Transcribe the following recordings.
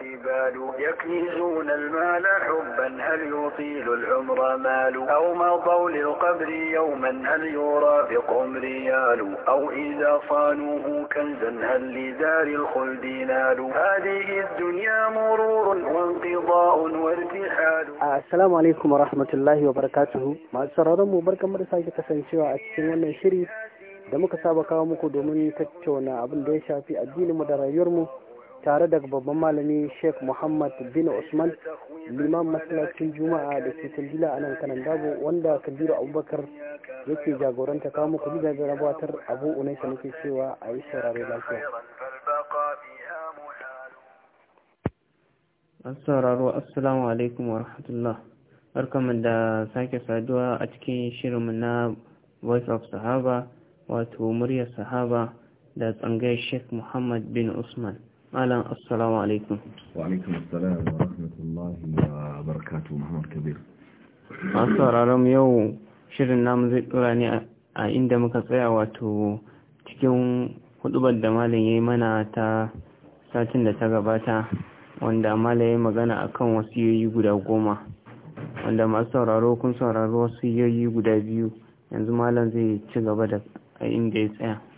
الجبال يكنزون المال حبا هل يطيل العمر مال أو مضوا للقبر يوما هل يرافقهم ريال أو إذا صانوه كنزا هل لدار الخلد نال هذه الدنيا مرور وانقضاء وارتحال السلام عليكم ورحمة الله وبركاته مع السرارة مباركة مرساية كسنشوة أتسنوان شريف da muka saba kawo muku domin tattauna abin da ya shafi addinin mu da rayuwar mu tare da babban malami sheikh muhammad bin usman liman masallacin juma'a da ke kandila a nan kanan dabo wanda kabiru abubakar yake jagoranta kamo muku da gabatar abu unaisa nake cewa a yi sauraro lafiya sauraro assalamu alaikum wa rahmatullah barkamu da sake saduwa a cikin shirinmu na voice of sahaba wato muryar sahaba da tsangayar sheikh muhammad bin usman Malam assalamu alaikum. Wa alaikum assalam wa rahmatullahi wa barakatuh Muhammad Kabir. Masu sauraron yau shirin namu zai tsora ne a inda muka tsaya wato cikin hudubar da malam ya yi mana ta satin da ta gabata wanda malam yi magana a kan akan wasiyoyi guda goma wanda masu sauraro kun sauraro wasiyoyi guda biyu yanzu malam zai ci gaba da inda ya tsaya.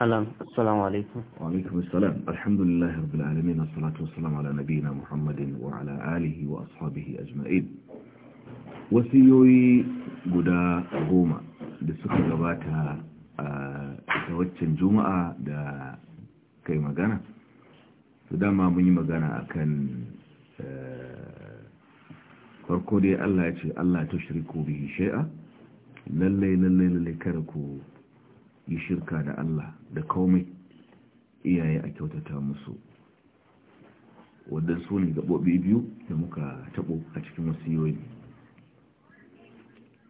أهلا السلام عليكم وعليكم السلام الحمد wa رب العالمين والصلاة والسلام على نبينا محمد وعلى آله وأصحابه أجمعين wasiyoyi guda goma da suka gabata a ta waccan juma'a da kai magana su dama mun yi magana akan eh, farko dai Allah ya ce Allah ta shirku bihi shai'a lallai lallai lallai kada ku yi shirka da Allah da komai iyaye a kyautata musu wadda su ne gaɓoɓi biyu da muka taɓo a cikin wasiyoyi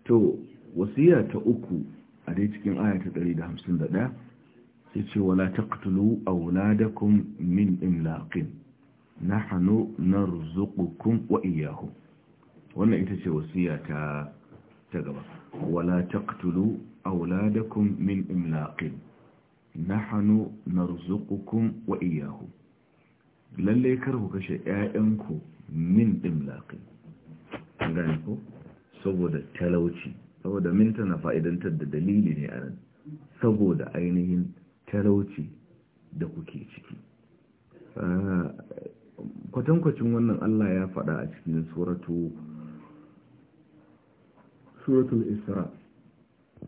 to wasiya ta uku a dai cikin aya ta 151 sai ce wala taqtulu auladakum min imlaqin nahnu narzuqukum wa iyyahum wannan ita ce wasiya ta ta gaba wala taqtulu أولادكم من إملاق نحن نرزقكم وإياهم lalle kar ku kashe 'ya'yanku min imlaqin gani ko saboda talauci saboda min tana fa'idantar da dalili ne a nan saboda ainihin talauci da kuke ciki kwatankwacin wannan Allah ya faɗa a cikin suratu suratul isra'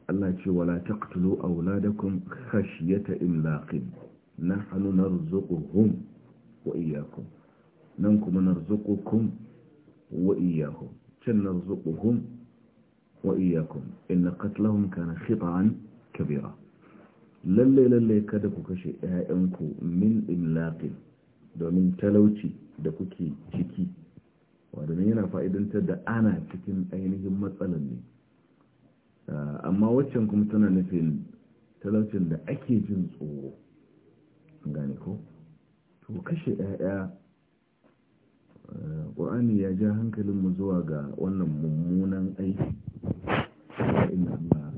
Allah ce wala taqtulu auladakum khashyata imlaqin nahnu narzuquhum wa iyyakum nan kuma narzuqukum wa iyyakum can narzuquhum wa iyyakum inna na kana khita'an kabira lalle lalle kada ku kashe ƴaƴanku min imlaqin domin talauci da kuke ciki wadannan yana fa'idantar da ana cikin ainihin matsalan ne Eh, amma waccan kuma tana nufin talaucin da ake jin tsoro gane ko to kashe 'ya'ya ƙwa'ani eh, ya ja hankalin mu zuwa ga wannan mummunan aiki inda Allah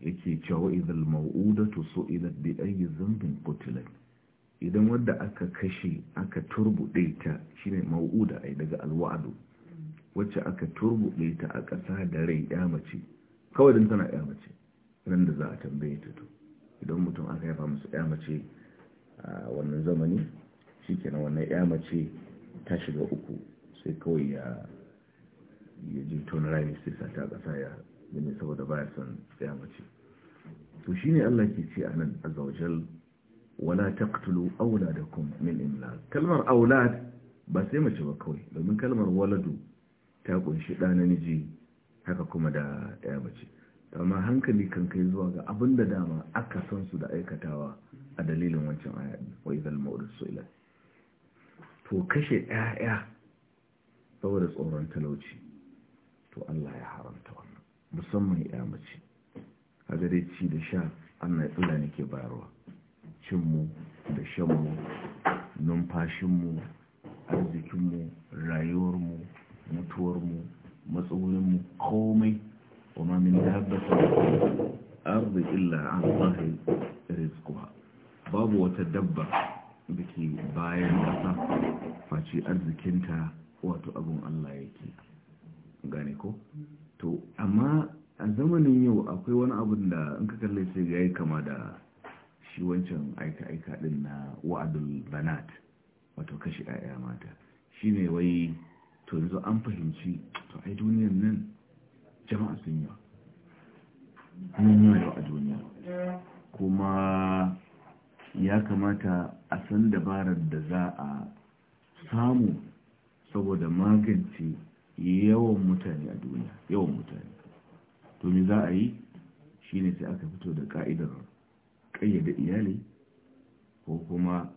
yake cewa idan to so idan bi ayi zambin kutulat idan wadda aka kashe aka turbuɗe ta shine ma'uda ai daga alwa'adu wacce aka turbuɗe ta a ƙasa da rai ya mace kawai don tana ya mace ran da za a tambaye ta to idan mutum aka haifa musu ya mace a wannan zamani shi kenan wannan ya mace ta shiga uku sai kawai ya ya ji tona rai sai sa ta ƙasa ya gani saboda baya son ya mace to ne Allah ke ce anan azawajal wala taqtulu awladakum min imlaq kalmar aulad ba sai mace ba kawai domin kalmar waladu ta kunshi ɗa namiji haka kuma da ɗaya mace amma hankali kan kai zuwa ga abin da dama aka san su da aikatawa a dalilin wancan aya wai zalma wadda su ila to kashe ɗaya saboda tsoron talauci to Allah ya haramta wannan musamman ya mace a ci da sha Allah ya ne ke bayarwa cinmu da shanmu numfashinmu arzikinmu rayuwarmu mutuwarmu matsuguninmu komai wa ma min dabbatin ardi illa an sahi rizquha babu wata dabba da ke bayan ƙasa face arzikinta wato abun Allah yake gane ko to amma a zamanin yau akwai wani abun da in ka kalle sai ga yi kama da shi wancan aika-aika din na wa'adul banat wato kashi 'ya'ya mata shine wai to yanzu an fahimci to ai duniyar nan jama'a sun mun yi yau a duniya kuma ya kamata a san dabarar da za a samu saboda magance yawan mutane a duniya yawan mutane domin za a yi shi ne sai aka fito da ka'idar ƙayyade iyali ko kuma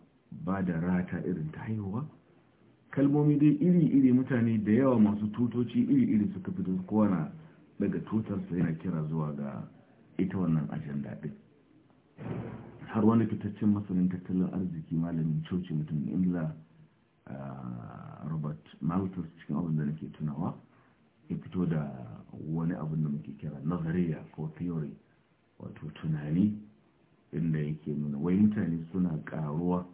ba da rata irin ta haihuwa kalmomi dai iri-iri mutane da yawa masu tutoci iri-iri suka fito kowa na daga tutarsa yana kira zuwa ga ita wannan ajanda ɗin har wani fitaccen masanin tattalin arziki malamin coci mutum ingila robert malthus cikin abin da nake tunawa ya fito da wani abin da muke kira nazariya ko theory wato tunani inda yake nuna wai mutane suna karuwa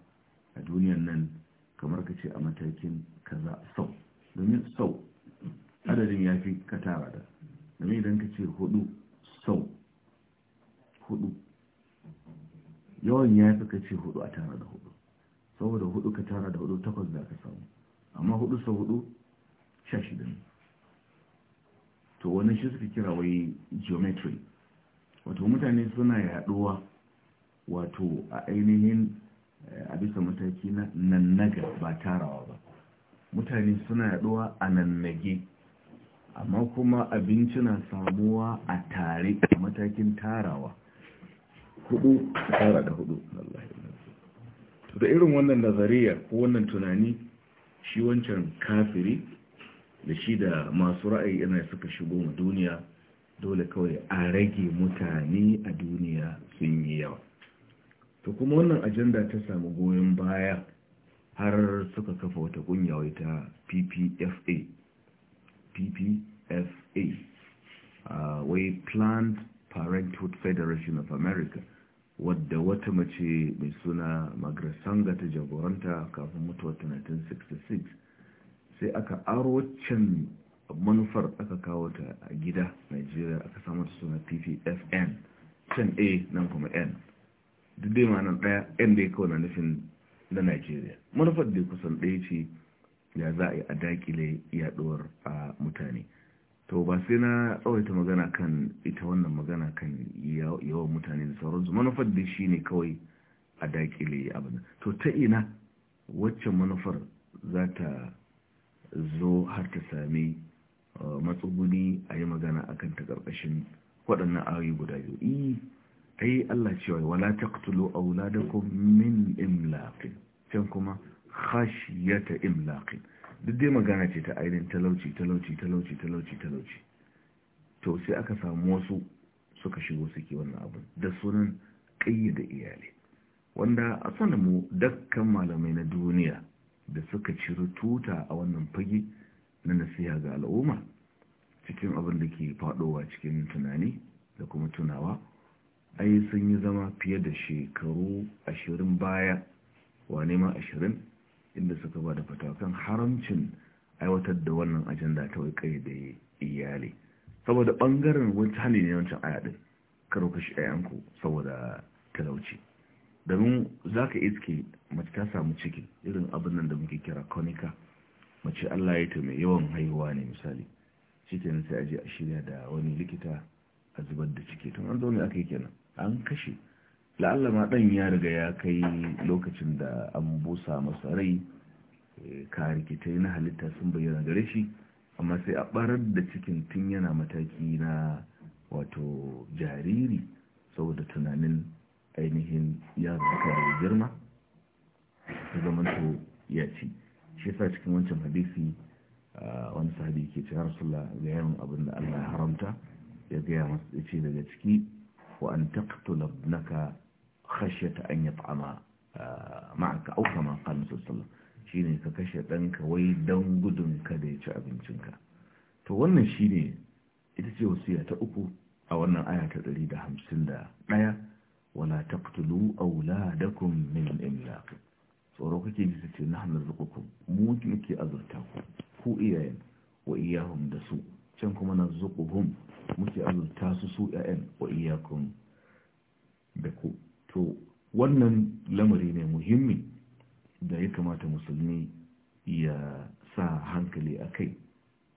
a duniyar nan kamar ka ce a matakin kaza sau domin sau adadin ya fi ka tara da domin idan ka ce hudu sau hudu yawan ya fi ka ce hudu a tara da hudu saboda hudu ka tara da hudu takwas za ka samu amma hudu sau hudu sha shi ne to wani shi suka kira wai geometry wato mutane suna yaduwa wato a ainihin Eh, a bisa mataki na nannaga ba tarawa ba mutane suna yaduwa a nannage amma kuma abinci na samuwa a tare a matakin tarawa hudu tara da hudu to da irin wannan nazariya ko wannan tunani shi wancan kafiri da shi da masu ra'ayi yana suka shigo mu duniya dole kawai a rage mutane a duniya sun yi yawa to kuma wannan ajanda ta samu goyon baya har suka kafa wata kungiya wai ta PPFA PPFA uh, ah, wai Planned Parenthood Federation of America wadda wata mace mai suna magrasanga ta jagoranta kafin mutuwa 1966 sai aka aro waccan manufar aka kawo ta a gida nigeria aka samu suna ppfn 10a nan kuma n duk dai ma ɗaya yan da ya kawo na nufin na najeriya manufar da kusan ɗaya ce ya za a yi a dakile yaɗuwar a mutane to ba sai na tsawaita magana kan ita wannan magana kan yawan mutane da sauransu manufar da shi ne kawai a dakile abin to ta ina wacce manufar za ta zo har ta sami uh, matsuguni a yi magana akan ta ƙarƙashin waɗannan ayoyi guda biyu ai Allah cewa wala taqtulu auladakum min imlaqin can kuma khashyata imlaqin duk dai magana ce ta ainihin talauci talauci talauci talauci talauci to sai aka samu wasu suka shigo suke wannan abu da sunan ƙayyade iyali wanda a sanin mu dakkan malamai na duniya da suka ciri tuta a wannan fage na nasiha ga al'umma cikin abin da ke fadowa cikin tunani da kuma tunawa ai sun yi zama fiye da shekaru ashirin baya wa ma ashirin inda suka ba da fatakan haramcin aiwatar da wannan ajanda ta wai kai da iyali saboda ɓangaren wata hali ne wancan aya din karo kashi ayanku saboda talauci domin za ka iske mace ta samu ciki irin abin nan da muke kira konika mace allah ya ta mai yawan haihuwa ne misali shi sai je a shirya da wani likita a zubar da ciki tun an zo ne aka yi kenan an kashe La'allama ɗan ya riga ya kai lokacin da an busa masa rai eh, ka rikitai na halitta sun bayyana gare shi amma sai a ɓarar da cikin tun yana mataki na wato jariri saboda tunanin ainihin ya zaka da girma ta zamanto ya ci shi sa cikin wancan hadisi ah, wani sahabi ke cewa rasulullah ga yawan abin da Allah ya haramta ya gaya masu ce daga ciki wa an taqtula ibnaka khashyata an yat'ama ma'aka au kama qala sallallahu shine ka kashe ɗanka wai dan gudun ka da ya ci abincinka to wannan shine ita ce wasiya ta uku a wannan aya ta ɗari da 151 wala taqtulu auladakum min imlaq tsoro kake ji su ce nahnu rizqukum mu muke azurta ku ku iyayen wa iyahum da su can kuma na zuquhum muke azurta su su ‘ya'yan wa iyakun da ku to wannan lamari ne muhimmi da ya kamata musulmi ya sa hankali a kai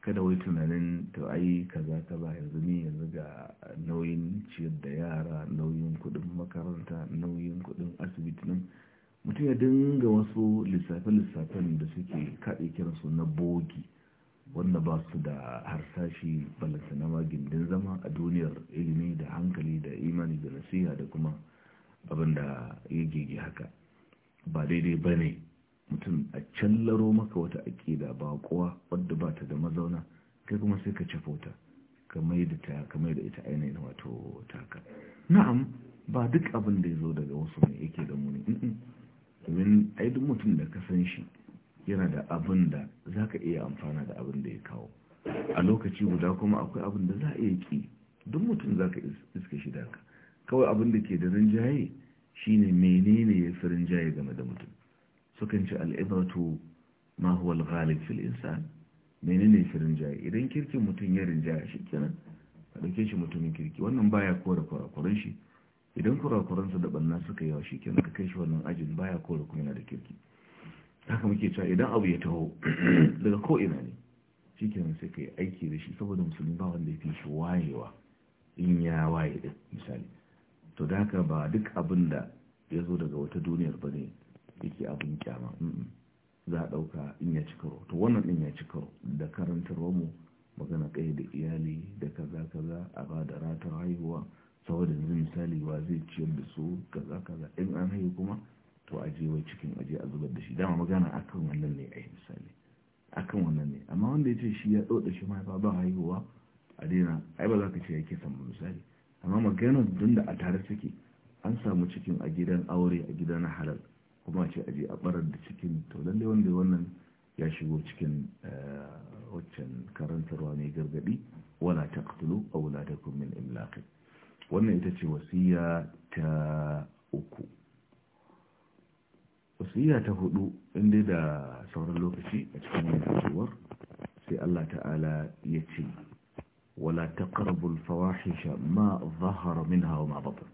kada wai tunanin ta ai kaza kaza yanzu ni yanzu ga nauyin ciyar da yara nauyin kudin makaranta nauyin kudin asibiti nan mutum ya dinga wasu lissafe-lissafen da suke kaɗe kiransu na bogi wanda ba su da harsashi balasa na magindin zama a duniyar ilimi da hankali da imani da nasiha da kuma abin da ya gege haka ba daidai ba ne mutum a laro maka wata aƙida ba kuwa wadda ba ta da mazauna kai kuma sai ka cafota kamar da ta kamar da ita ainihin wato taka na'am ba duk abin da ya zo daga wasu ne yake da muni domin ai duk mutum da ka san shi yana da abin da za ka iya amfana da abin da ya kawo a lokaci guda kuma akwai abin da za a iya ki duk mutum za ka iska shi da ka kawai abin da ke da rinjaye shine menene ya fi rinjaye game da mutum sukan ci al'ibatu ma huwa al-ghalib fil insan menene fi rinjaye idan kirkin mutum ya rinjaye shi kenan a dauke shi mutumin kirki wannan baya kore kurakuran shi idan su da ɓanna suka yawa shi kenan ka kai shi wannan ajin baya kore kuma yana da kirki haka muke cewa idan abu ya taho daga ina ne shi kenan sai ka yi aiki da shi saboda musulmi ba wanda ya fi shi wayewa in ya waye da misali to da haka ba duk abin da ya zo daga wata duniyar ba ne yake abin kyama za a ɗauka in ya ci karo to wannan in ya ci karo da karantarwa mu magana kai da iyali da kaza kaza a ba da ratar haihuwa saboda yanzu misali wa zai ciyar da su kaza kaza in an haihu kuma to je wai cikin aje a zubar da shi dama magana akan wannan ne yi misali akan wannan ne amma wanda ya ce shi ya ɗauɗa shi mahaifa ba haihuwa a daina ai ba za ka ce yake samu misali amma magana dun da a tare suke an samu cikin a gidan aure a gidan halal kuma ce aje a barar da cikin to lalle wanda wannan ya shigo cikin eh, waccan karantarwa mai gargaɗi wala a taqtulu kuma min imlaq wannan ita ce wasiya ta uku wasiya ta hudu inda da sauran lokaci a cikin wannan sai Allah ta'ala ya ce wala taqrabul fawahisha ma zahara minha wa ma batan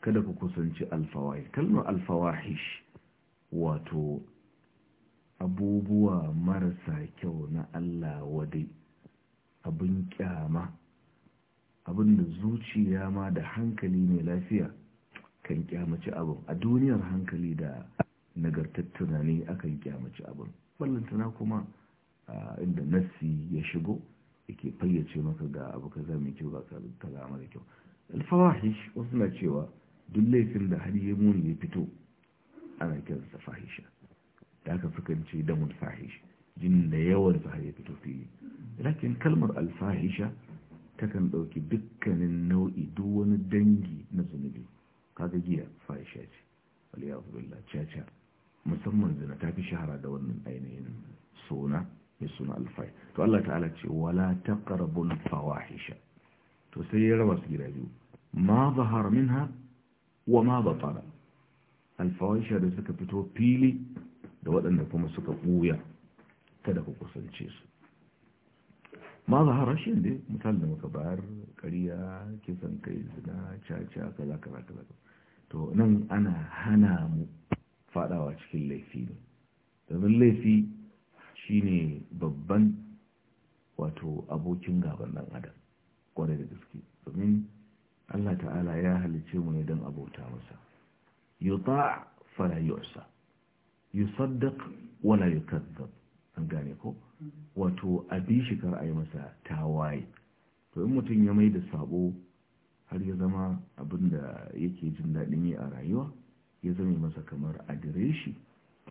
kada ku kusanci alfawahish kalmar alfawahish wato abubuwa marasa kyau na Allah wadai abin kyama abin da zuciya ma da hankali mai lafiya kan kyamaci abin a duniyar hankali da nagartattuna ne akan kyamaci abin ballantana kuma inda nassi ya shigo yake fayyace maka ga abu ka za mai kyau ga kala mara kyau alfawahish wasu na cewa duk laifin da har ya muni ya fito ana kiransa fahisha da aka fi kance damun fahish jin da yawan har ya fito fili lakin kalmar alfahisha takan ɗauki dukkanin nau'i duk wani dangi na zunubi kaga giya fahisha ce waliyahu billah cha caca musamman zina ta fi shahara da wannan ainihin suna mai suna alfai to Allah ta'ala ce wala taqrabul fawahisha to sai ya raba su gida biyu ma zahar minha wa ma batala alfawahisha da suka fito fili da waɗanda kuma suka buya kada ku kusance su ma zahara shi ne misali da muka bayar ƙarya kisan kai zina caca kaza kaza kaza to nan ana hana mu fadawa cikin laifi ne domin laifi shine babban wato abokin gaban dan adam kwarai da gaske domin Allah ta'ala ya halice mu ne don abota masa yuta fala yu'sa yusaddaq wala yukazzab an gane ko wato abin shi kar yi masa tawaye to in mutum ya mai da sabo har ya zama abin da yake jin daɗin yi a rayuwa ya zama masa kamar adireshi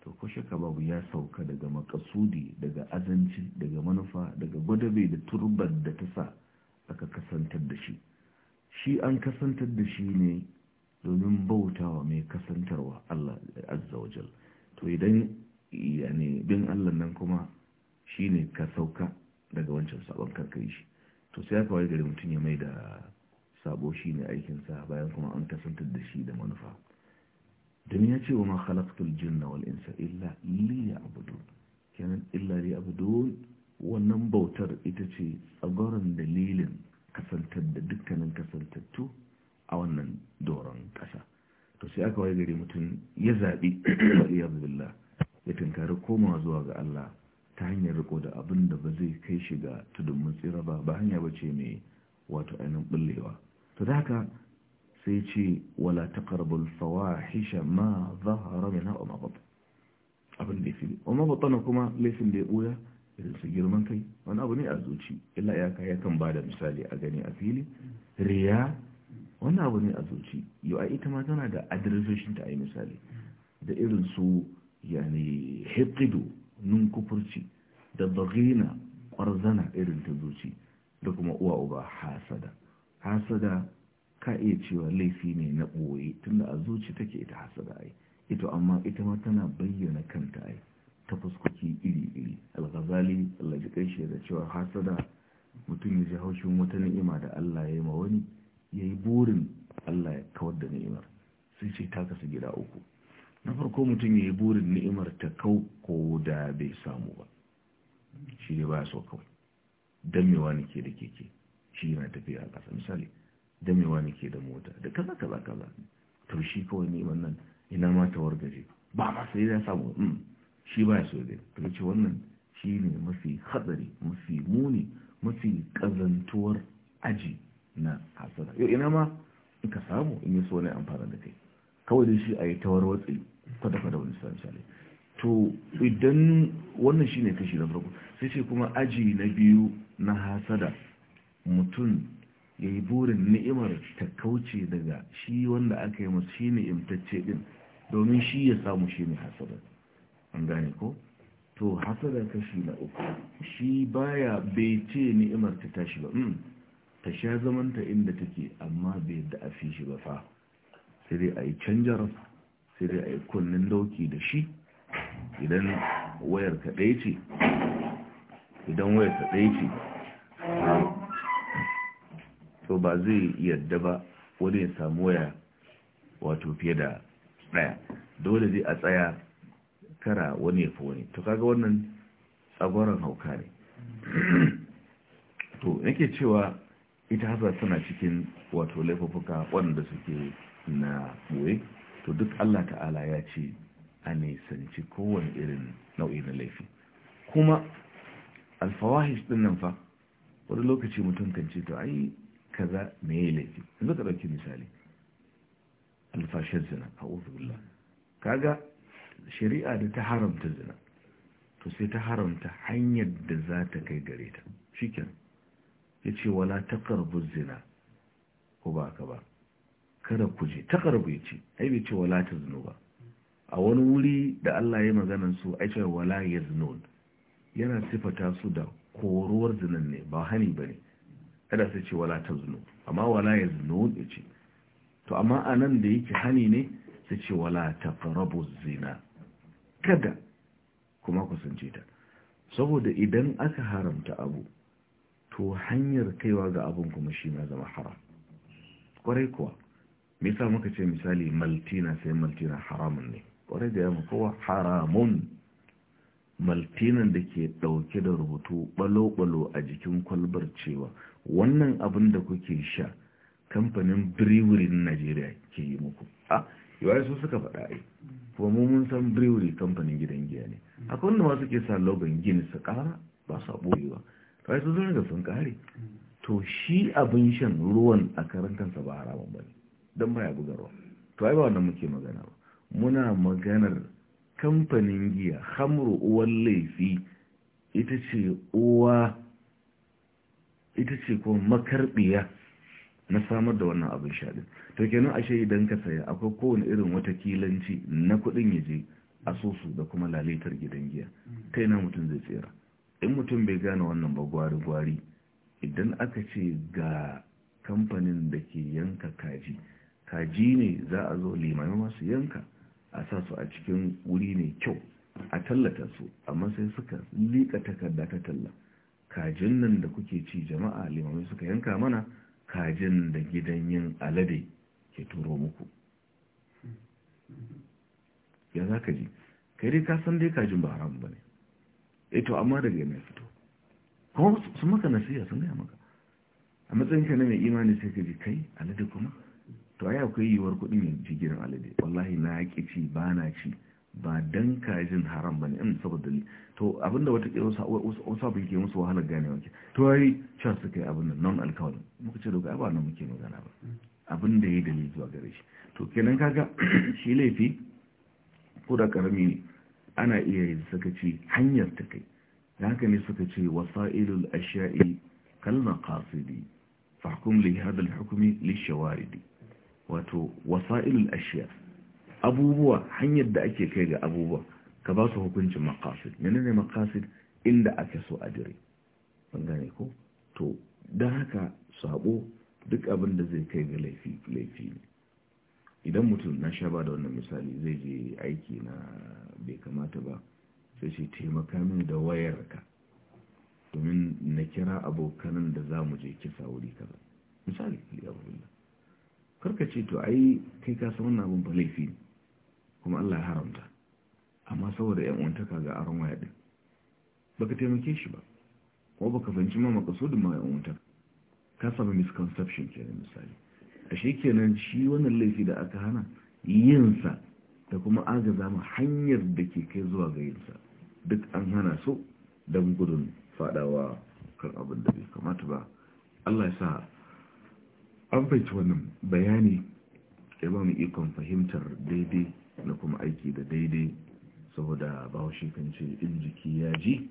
to ko shaka babu ya sauka daga makasudi daga azanci daga manufa daga gwadabe da turban da ta sa aka kasantar da shi shi an kasantar da shi ne domin bautawa mai kasantarwa Allah azza wa to idan yani bin Allah nan kuma shine ka sauka daga wancan sabon karkai shi to sai aka wari gari mutum ya mai da sabo shine aikinsa bayan kuma an kasantar da shi da manufa dan ya ce wa ma khalaqtul jinna wal insa illa liya'budun kenan illa liya'budun wannan bautar ita ce tsagoron dalilin kasantar da dukkanin kasantattu a wannan doron kasa, to sai aka waye gari mutum ya zaɓi waliyazbillah ya tunkari komawa zuwa ga Allah ta hanyar riko da abin da ba zai kai shi ga tudun mutsira ba ba hanya ba ce mai wato ainihin bullewa to da haka sai ce wala taqrabul fawahisha ma zahara minha wa ma abin da yafi wa ma batan kuma laifin da ya boya irin su girman kai wani abu ne a zuci illa ya kai kan bada misali a gani a fili riya wani abu ne a zuci yau a ita ma tana da adiresoshin ta a yi misali da irin su yani hiqidu nun kufurci da bagina ƙwarzana irin ta zuci da kuma uwa uba hasada hasada ka iya cewa laifi ne na ɓoye tunda a zuci take ita hasada ai ita amma ita ma tana bayyana kanta ai ta fuskoki iri-iri alghazali Allah ji kai da cewa hasada mutum ya ji haushin wata ni'ima da Allah ya yi ma wani ya yi burin Allah ya kawar da ni'imar sai ce ta kasu gida uku na farko mutum ya yi burin ni'imar ta kau ko da bai samu ba shi ne ba so kawai me wani ke da keke shi yana tafiya a ƙasa misali damewa nake da mota da kaza kaza kaza to shi kawai ne wannan ina ma ta wargaje ba ma sai ya samu mm, shi ba so dai to ce wannan shi ne mafi hatsari mafi muni mafi kazantuwar aji na hasara yau ina ma in ka samu in yi so ne amfani da kai kawai dai shi a yi tawar watsi kwada kwada wani sa misali to idan wannan shi ne kashi na farko sai ce kuma aji na biyu na hasada mutum ya yi burin ni'imar ta kauce daga shi wanda aka yi masu shi ne imtacce din domin shi ya samu shi ne hasada an gane ko to hasada kashi na uku shi baya bai ce ni'imar ta tashi ba hmm, ta sha zamanta inda take amma bai da a fi shi ba fa sai dai a yi canjar sai dai a yi kunnen dauki da shi idan wayar ce idan wayar kaɗai ce To ba zai yadda ba wani ya samu waya wato fiye da ɗaya dole zai a tsaya kara wani ya fi wani to kaga wannan tsagoron hauka ne to yake cewa ita hasa suna cikin wato laifuka wanda suke na ɓoye to duk allah ta'ala ya ce a nisanci kowane irin nau'i na laifi kuma alfawahis din nan fa wani lokaci mutum kan ce to ai kaza me ya laifi yanzu ka ɗauki misali alfashin zina a uzubillah kaga shari'a da ta haramta zina to sai ta haramta hanyar da za ta kai gare ta shi ya ce wala ta karbu zina ko ba ka ba kada ku je ta karbu ya ce ai bai ce wala ta zino ba a wani wuri da Allah ya maganan su ai ce wala ya zino yana sifata su da koruwar zinan ne ba hani ba ne Kada sai ce wala ta zunu amma wala ya zunu ya ce to amma a nan da yake hani ne sai ce wala ta farabu zina kada kuma kusance ta saboda idan aka haramta abu to hanyar kaiwa ga abin kuma shi na zama haram kwarai kuwa me yasa muka ce misali maltina sai maltina haramun ne kwarai da yamma kowa haramun maltinan da ke dauke da rubutu balo-balo a jikin kwalbar cewa wannan abin da kuke sha kamfanin brewery na Najeriya ke yi muku a yawai su suka faɗa ai kuma mu mun san brewery kamfanin gidan giya ne akwai wanda ma suke sa logon gini su ƙara ba su to ai su zurga sun ƙare to shi abin shan ruwan a karan kansa ba haramun ba ne don baya bugarwa to ai ba wannan muke magana ba muna maganar kamfanin giya hamru uwan laifi ita ce uwa ita ce ko makarbiya na samar da wannan abin shaɗin to kenan ashe idan ka saya akwai kowane irin wata kilanci na kuɗin ya je asusu da kuma lalitar gidan giya Kai na mutum zai tsira in mutum bai gane wannan ba gwari-gwari idan aka ce ga kamfanin da ke yanka kaji kaji ne za a zo limami masu yanka a sa su a cikin wuri ne kyau a tallata su amma sai suka liƙa takarda ta talla kajin nan da kuke ci jama'a limamai suka yanka mana kajin da gidan yin alade ke turo muku ya za ka ji kai dai ka san dai kajin ba haramu ba ne eto eh amma daga yana fito kuma sun maka nasiya sun gaya maka a matsayin ka na mai imani sai ka ji kai alade kuma to ya akwai yiwuwar kuɗin ya ji gidan alade wallahi na ya ci ba na ci ba dan kajin haram bane in saboda ne to abinda wata kira wasu abin ke musu wahalar gane wanke to yayi sha suka yi abin nan non alcohol muka ce daga ba nan muke magana ba Abinda da yayi dalili zuwa gare shi to kenan kaga shi laifi ko da karami ne ana iya yin sakaci hanyar ta kai haka ne suka ce wasailul ashya'i kalma qasidi hukum li hadha al-hukmi li shawaridi wato wasailul ashya' abubuwa hanyar da ake kai ga abubuwa ka ba su hukuncin makasid menene makasid inda ake so a dire ban gane ko to don haka sabo duk abin da zai kai ga laifi laifi ne idan mutum na sha ba da wannan misali zai je aiki na bai kamata ba sai shi taimaka min da wayarka domin na kira abokanan da za mu je kisa wuri kaza misali kar karka ce to ai kai ka san wannan abin ba laifi ne kuma Allah ya haramta amma saboda yan uwantaka ga aron waya din baka taimake shi ba ko baka fahimci ma makasudin ma yan uwantar ka samu misconception kenan misali ashe kenan shi wannan laifi da aka hana yin sa da kuma agaza zamu hanyar da ke kai zuwa ga yinsa duk an hana su don gudun fadawa kan abin da bai kamata ba Allah ya sa an fahimci wannan bayani ya ba mu ikon fahimtar daidai na kuma aiki da daidai saboda bahaushe kan ce in jiki ya ji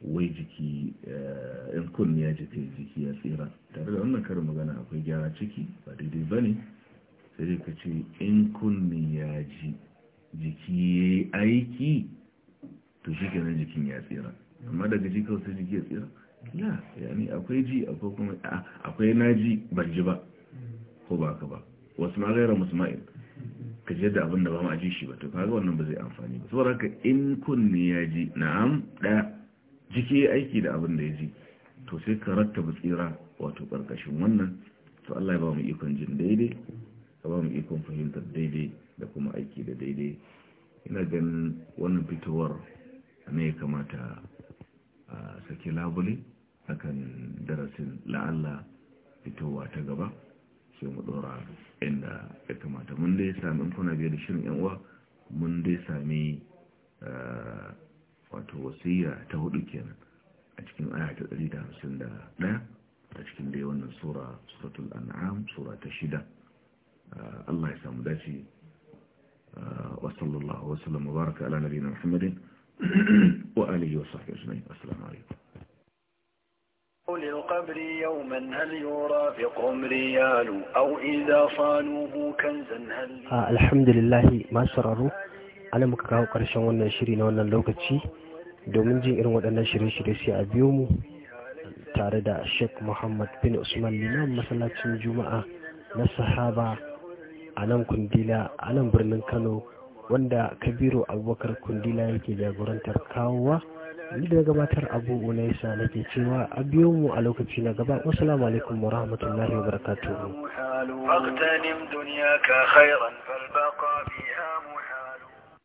wai jiki eh, in kun ya ji kai jiki ya tsira tare da wannan karin magana akwai gyara ciki ba daidai ba ne sai dai ka ce in kunni ya ji jiki ya yi aiki to shi ke nan jikin ya tsira amma daga ji kawai sai jiki ya tsira ya yani akwai ji akwai kuma akwai na ji ban ji ba ko ba ka ba wasu ma gaira ka je da abin da ba ma ji shi ba to kaga wannan ba zai amfani ba saboda haka in kunni ya ji na'am da jiki aiki da abin da ya ji to sai ka rattaba tsira wato karkashin wannan to Allah ya ba mu ikon jin daidai ka ba mu ikon fahimtar daidai da kuma aiki da daidai ina ganin wannan fitowar ne ya kamata a saki labule akan darasin la'alla fitowa ta gaba sai mu dora inda ya kamata mun dai sami in kuna biya da shirin yan uwa mun dai sami eh, wato wasiya ta hudu kenan a cikin aya ta 151 a cikin dai wannan sura suratul an'am sura ta shida eh, Allah ya samu dace eh, wa sallallahu wa sallam baraka ala nabiyina muhammadin wa alihi wa sahbihi ajma'in assalamu alaikum للقبر يوما هل يرافق ريال او اذا صانوه كنزا هل الحمد لله ما شرروا ana muka kawo karshen wannan shiri na wannan lokaci domin jin irin waɗannan shirye-shirye sai a biyo mu tare da sheikh muhammad bin usman limam masallacin juma'a na sahaba a nan kundila a nan birnin kano wanda kabiru abubakar kundila yake jagorantar kawowa da gabatar abu unaisa nake cewa a biyo mu a lokaci na gaba wasalamu alaikum wa rahmatullahi wa barakatuhu